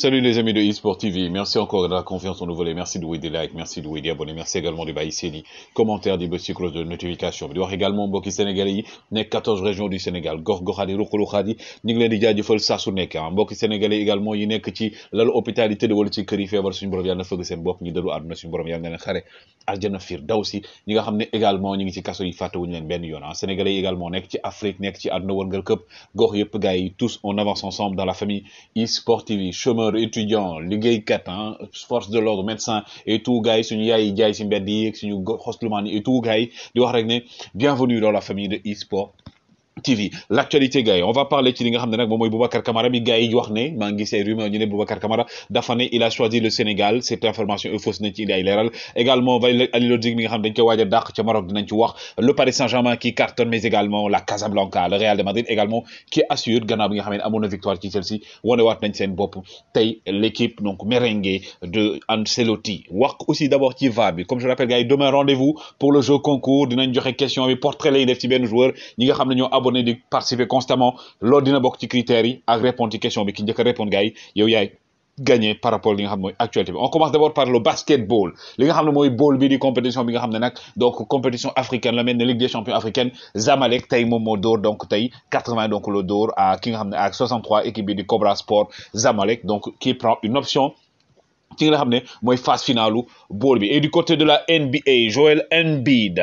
Salut les amis de eSport TV, merci encore de la confiance en nous voler, merci de vous aider like, merci de vous aider abonnés, merci également de bàyyi seeni commentaire des bës cloche de notification bi di wax également mbokki sénégalais yi nekk 14 régions du Sénégal gox goxaat yi ruqaluxaat yi leen di jaajëfal sa su nek, ah hein. mbokki sénégalais également yi nek ci lalu hôpital yi tëdd wala ci kër yi feebar suñu borom yàlla na fëgg seen bopp ñu dëlu àdduna suñu borom yàlla na leen xare arjana fiir également ñi ngi ci kaso yi fàttewuñu leen benn yoon ah sénégalais également nek ci Afrique nek ci àdduna wërngal Cup. gox yëpp gars yi tous on avance ensemble dans la famille eSport TV chemin étudiants, les gays ah force de l'ordre médecin et tout gars suñu yaay jaay yi ak et tout gars di bienvenue dans la famille de e-sport TV l'actualité gars on va parler ci li nga xamné nak nag Boubacar Camara mi gars yi wax né maa ngi say ñu né Boubacar Camara dafa né il a choisi le Sénégal cette information est fausse nañ ci indi ay également Walid Ali mi nga xamné dañ ko wajja dakh ci Maroc dinañ ci wax le Paris Saint-Germain qui cartonne mais également la Casablanca le Real de Madrid également qui assure gannaaw bi nga xamné ne victoire ci Chelsea woné wat nañ seen bop tay l'équipe donc merengue de Ancelotti wax aussi d'abord ci va bi comme je rappelle gars demain rendez-vous pour le jeu concours dinañ joxe question bi portrait lay def ci ben joueur ñi nga xamné ñoo on de participer constamment Lors de bokk ci critères À répondre aux questions mais qui ne répondre gars yow gagné par rapport à nga on commence d'abord par le basketball li nga est ball bi compétition donc compétition africaine la même ligue des champions africaine Zamalek Taïmo, donc Taï 80 donc le dor à 63 équipe bi Cobra Sport Zamalek donc qui prend une option Tiens nga ramener, moi phase finale et du côté de la NBA Joel Embiid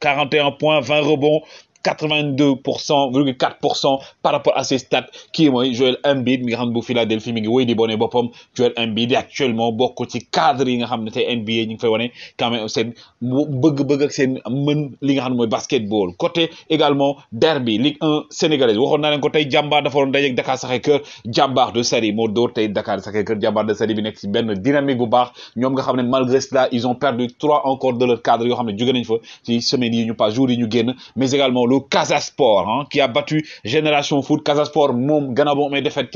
41 hein, points 20 rebonds 82,4% par rapport à ses stats qui est moi Joel Embiid mi nga xam bu Philadelphie mi ngi wéy di bone boppam Joel Embiid actuellement beaucoup ci cadre yi nga xam té NBA ñu fay wone quand même seen bëgg-bëgg ak seen mën li nga xam moy basketball côté également derby Ligue 1 sénégalaise waxon na len ko tay Jamba dafa waroon dajeeg Dakar Sacré-Cœur Jamba de série mo door tay Dakar Sacré-Cœur Jamba de série bi nekk ci ben dynamique bu baax ñom nga xam malgré cela ils ont perdu 3 encore de leur cadre yo xam jugé nañ fa ci semaine yi ñu pas jour yi ñu génn mais également le hein, qui a battu Génération Foot Casasport Sport Mom boo mais défaite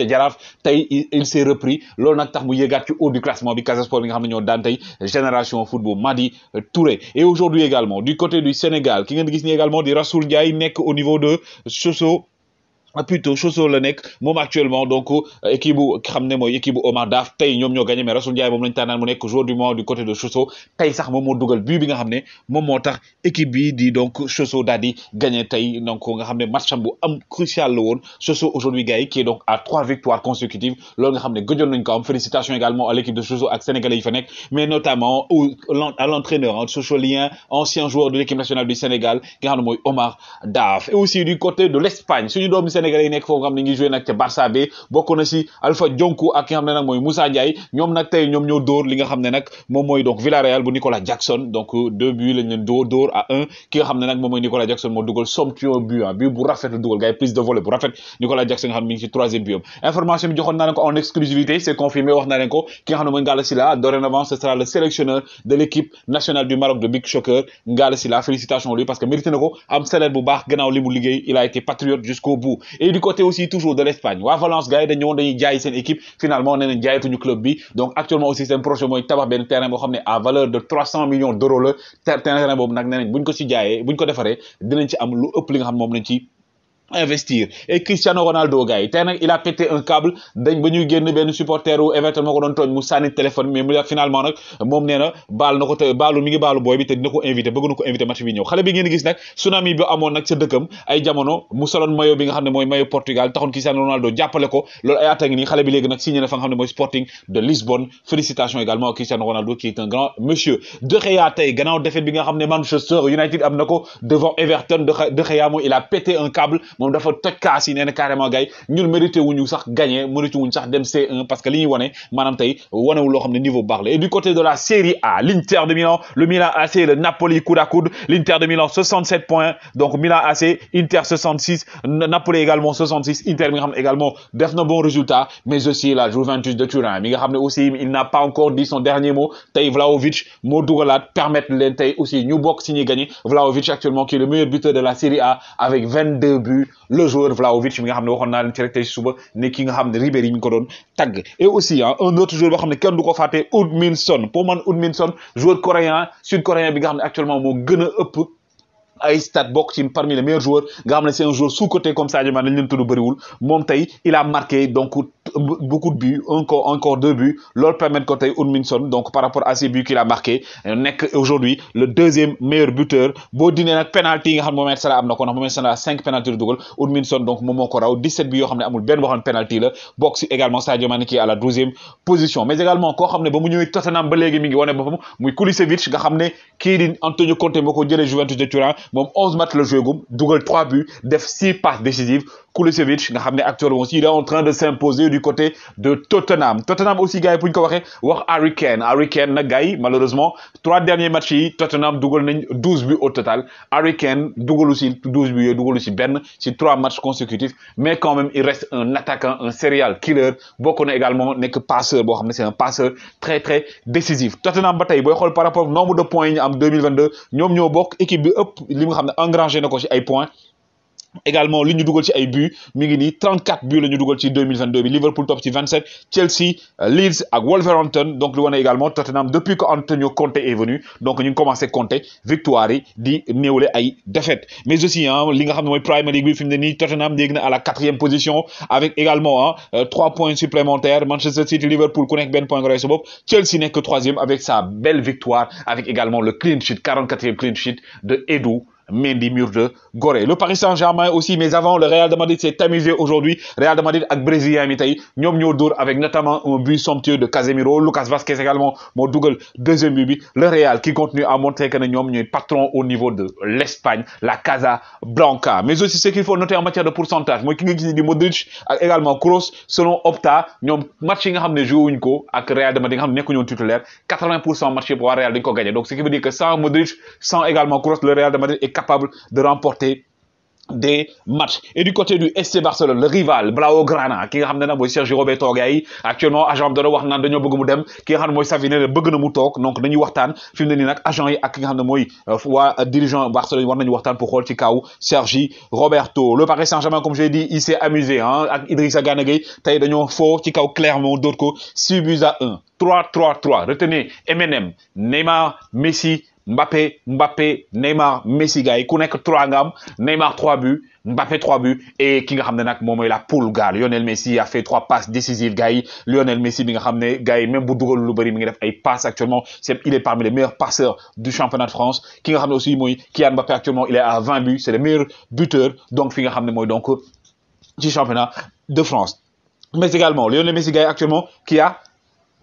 il s'est repris l'on a tax mu au haut du classement mais Casasport bi nga Génération football Madi Touré et aujourd'hui également du côté du Sénégal qui vient de également di Rassoul Ndiaye au niveau de Soso ah, plutôt chose la nekk moom actuellement donc euh, équipe bu xamné moy équipe bu Omar Daf tay ñom ñoo gagné mais Rasoul Ndiaye mom lañu tanan mu nekk jour du mois du côté de Chosso tay sax mom mo dugal but bi nga xamné mom moom tax équipe bi di donc Chosso daal gagner gagné donc nga xamné ne matcham bu am crucial la woon Chosso aujourd'hui gars yi qui est donc à trois victoires consécutives lool nga xamné ne nañ ko am félicitations également à l'équipe de Chosso ak sénégalais yi fa nek mais notamment à l'entraîneur hein, Chossolien ancien joueur de l'équipe nationale du Sénégal qui xam Omar Daf et aussi du côté de l'Espagne suñu doomu sénégalais yi nek fo nga xam ne ngi joué nag ca Barça B bokku na si Alpha jonku ak ki nga xam ne nag Moussa Ndiaye ñom nak tay ñom ñoo dóor li nga xamné nak mom moy donc Villarreal bu Nicolas Jackson donc deux buts lañ leen dóor à un ki nga xamné nak mom moy Nicolas Jackson mo duggal somptueux but ah but bu rafet duggal dugal gars prise de volée bu rafet Nicolas Jackson nga xam ngi ci troisième but information bi joxon naa ko en exclusivité c'est confirmé wax naa leen ko ki nga xamné ne mooy Ngalla dorénavant ce sera le sélectionneur de l'équipe nationale du Maroc de Big Shocker Ngalla Sylla félicitations lui parce que mérité nako am salaire bu baax gënaaw limu liggéey il a été patriote jusqu'au bout et du côté aussi toujours de l'Espagne waa Valence gars dañu dañ dañuy jaay sen équipe finalement nee nañ jaayatuñu club bi donc actuellement aussi c'est un projet moy tabax ben terrain bo xamné à valeur de 300 millions d'euros le terrain bobu nak nenañ buñ ko ci jaayé buñ ko défaré dinañ ci am lu ëpp li nga xam mom lañ ci investir et Cristiano Ronaldo gars il a pété un câble dañ ba ñuy génn benn supporter wu Everton mako don togn mu sani téléphone mais mu finalement nak mom néna bal nako na balu mi ngi balu boy bi té dina ko invité bëgg ko invité match bi ñëw xalé bi ngeen gis nak tsunami bi amon nak sa dëkkam ay jamono mu soloon maillot bi nga xamné moy mayo maillot Portugal taxoon Cristiano Ronaldo jappalé ko lool ay atta ngi xalé bi légui nak signé na fa nga xamné moy Sporting de Lisbonne félicitations également à Cristiano Ronaldo qui est un grand monsieur De Gea tay gannaaw défaite bi nga xamné Manchester United am na devant Everton De Gea mo il a pété un câble moom dafa toj kaas yi nee na carrément gars ñun mérité wuñu sax gagné mérité wuñu sax dem C1 parce que li Madame Taï, maanaam tey wanewul niveau baax et du côté de la Série A l'Inter de Milan le Milan AC le Napoli coup à coude l'Inter de Milan 67 points donc Milan AC Inter 66 Napoli également 66 Inter mi également def na bon résultat mais aussi la Juventus de Turin mi nga aussi il n'a pas encore dit son dernier mot tey Vlaovic, moo dugalaat permettre leen aussi ñu bokk si ñuy gagné actuellement qui est le meilleur buteur de la Série A avec 22 buts le joueur Vlaovic mi nga waxon na len ci rek Ribéry et aussi hein, un autre joueur pour man joueur coréen sud coréen bi nga actuellement mo a ay parmi les meilleurs joueurs c'est un joueur sous comme il a marqué donc beaucoup de buts encore encore deux buts loolu permettre côté, tey donc par rapport à ces buts qu'il a marqué euh, nekk aujourd'hui le deuxième meilleur buteur boo dindee penalty yi nga xam ne Salah am na ko ndax Mohamed Salah cinq penalty de dugal Udminson donc moment moo 17 buts il xam ne amul benn penalty Là. également Sadio Mané qui est à la douzième position mais également encore il ne ba mu ñëwee Tottenham ba léegi mi ngi Kulisevic nga xam ne kii Antonio Conte moo ko jëlee Juventus de Turin 11 matchs le joué gum 3 buts def 6 passes décisives Kulisevic nga actuellement il est en train de s'imposer côté de Tottenham Tottenham aussi gars pour une fois, ko Harry Kane Harry Kane a gars malheureusement trois derniers matchs Tottenham dugal nañ buts au total Harry Kane dugalu aussi 12 buts Ben, c'est trois matchs consécutifs mais quand même il reste un attaquant un serial killer Bokone également également que passeur c'est un passeur très très décisif Tottenham bataille. par rapport au nombre de points en 2022 nous ñoo bok équipe bi ëpp li nga points également li ñu dugal ci ay buts mi ngi 34 buts la ñu ci 2022 Liverpool top ci 27 Chelsea euh, Leeds ak Wolverhampton donc li wane également Tottenham depuis que Antonio Conte est venu donc ñu avons commencé compter victoire di newlé ay défaite. mais aussi l'Ingham, hein, li nga moy Premier League bi Tottenham digne à la quatrième position avec également hein, euh, trois points supplémentaires Manchester City Liverpool ku nek ben point gré sa Chelsea troisième avec sa belle victoire avec également le clean sheet 44e clean sheet de Edu des murs de Gorée le Paris Saint-Germain aussi mais avant le Real de Madrid s'est amusé aujourd'hui Real de Madrid avec brésilien mi Nyom ñoom ñoo avec notamment un but somptueux de Casemiro Lucas Vázquez également mon double deuxième but le Real qui continue à montrer que ne ñoom patron au niveau de l'Espagne la Casa Blanca. mais aussi ce qu'il faut noter en matière de pourcentage Moi qui nga que le Modric également Kroos selon Opta le matching yi nga joué Real de Madrid il n'y a nekku ñoon titulaire 80 marché pour le Real de gagner. donc ce qui veut dire que sans Modric sans également Kroos le Real de Madrid est capable de remporter des matchs. Et du côté du SC Barcelone, le rival, Blaugrana, qui est Sergio Roberto Gaï, actuellement, agent de l'Ouarnan de Nyobogumudem, qui est Saviné de Bugnemutok, donc Nani Wartan, film de Ninak, agent et Akiganamoy, euh, dirigeant Barcelone, Warnan Wartan pour Rol Tikao, Sergi Roberto. Le Paris Saint-Germain, comme je l'ai dit, il s'est amusé, hein, avec Idrissa Ganagay, Taï de Nyonfo, Tikao Clermont, Dorco, 6 buts à 1. 3-3-3. Retenez, MNM, Neymar, Messi, Mbappé, Mbappé, Neymar, Messi gars Kounek 3 nekk trois Neymar trois buts Mbappé 3 buts et ki nga ramené la poule gars Lionel Messi a fait 3 passes décisives gars Lionel Messi bi nga gars même bu dugal lu il mi actuellement il est parmi les meilleurs passeurs du championnat de France ki nga ramené aussi Qui Kylian Mbappé actuellement il est à 20 buts c'est le meilleur buteur donc fi nga ramené, ne donc championnat de France mais également Lionel Messi gars actuellement qui a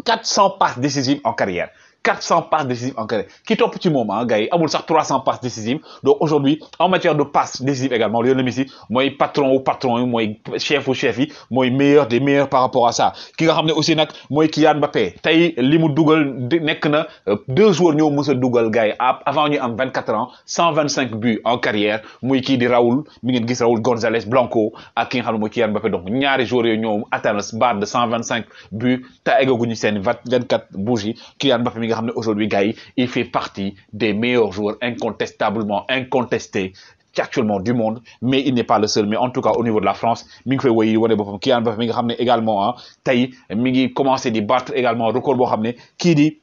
400 passes décisives en carrière 400 passes décisives en carrière Quitte un petit moment, gars yi 300 passes décisives donc aujourd'hui en matière de passes décisives également Lionel Messi moi patron ou patron moi chef ou chef moi meilleur des meilleurs par rapport à ça qui nga ramené aussi moi mooy Kylian Mbappé tey Limou Dougal, euh, deux joueurs nous mës Dougal, Gaï avant nous en 24 ans 125 buts en carrière moi qui di Raoul mi gis Raoul González Blanco à qui nga xam ne Kylian Mbappé donc ñaari joueurs yooyu atteint ce barre de 125 buts te eggaguñu 24 bougies Kylian Mbappé aujourd'hui Gaï, il fait partie des meilleurs joueurs incontestablement incontestés actuellement du monde mais il n'est pas le seul mais en tout cas au niveau de la France ming ngi wane également Taï, ah, Taï? Mingi commencé battre également record qui dit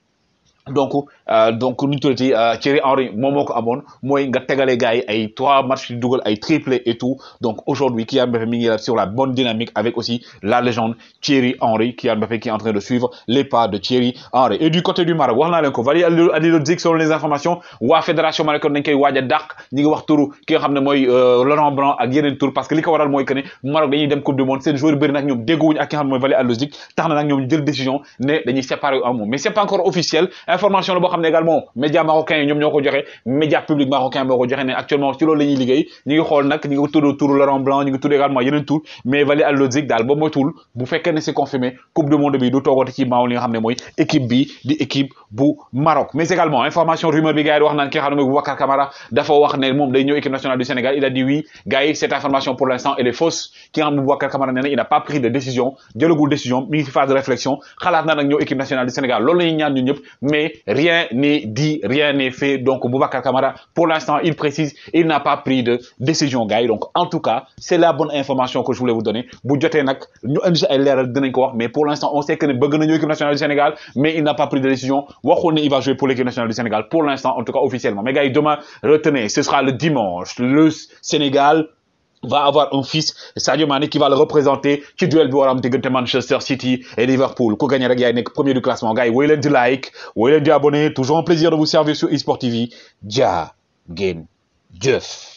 donc euh, donc nous ñu tuddati euh, Thierry Henry mon moo ko amoon mooy nga tegalee gars yi ay trois matchs yu dugal ay triplé et tout donc aujourd'hui qui a mis ngi la sur la bonne dynamique avec aussi la légende Thierry Henry a Mbappé qui est en train de suivre les pas de Thierry Henry et du côté du Maroc wax naa leen ko Walid Halilodzic selon les informations la fédération marocaine qui a dàq ñi ngi wax turu ki nga xam ne mooy euh, Laurent Blanc ak yeneen tour parce que les ko waral mooy que ne Maroc dañuy dem coupe du monde c'est le joueur bernard ñoom dégguwuñu ak ki nga xam ne mooy Walid Halilodzic tax na jël décision ne dañuy séparer en moom mais c'est pas encore officiel information la xamné xam également média marocain ñom ñoko joxé ko joxe média public marocain moo ko joxe actuellement ci lolou lañuy liggéey ñi ngi xol nak ñi ngi tour Laurent Blanc ñi ngi tour également yeneen tour. mais à al dal bo mo moytuwul bu fekkee ne c'est confirmé coupe du monde bi du toogoote ci maaw li nga xamné moy équipe bi di équipe bu Maroc mais également information rumeur bi gaay wax nan ki xamné xam ne Camara dafa wax né mom day ñëw équipe nationale du Sénégal il a dit oui gaay cette information pour l'instant elle est fausse ki nga xam ne Camara nee il n'a pas pris de décision jëlagul décision mi ci phase de réflexion xalaat na nak ñëw équipe nationale du Sénégal lolou lañuy ñaan ñun ñëpp mais rien n'est dit, rien n'est fait. Donc Boubacar Kamara, pour l'instant, il précise, il n'a pas pris de décision, gars. Donc en tout cas, c'est la bonne information que je voulais vous donner. Mais pour l'instant, on sait que l'équipe nationale du Sénégal, mais il n'a pas pris de décision. Il va jouer pour l'équipe nationale du Sénégal, pour l'instant, en tout cas officiellement. Mais gars, demain, retenez, ce sera le dimanche, le Sénégal va avoir un fils Sadio Mane, qui va le représenter qui duel bi Manchester City et Liverpool Qu'on gagnera rek premier du classement gars yi woy like woy di abonné toujours un plaisir de vous servir sur eSport TV Ja, game. Jeff.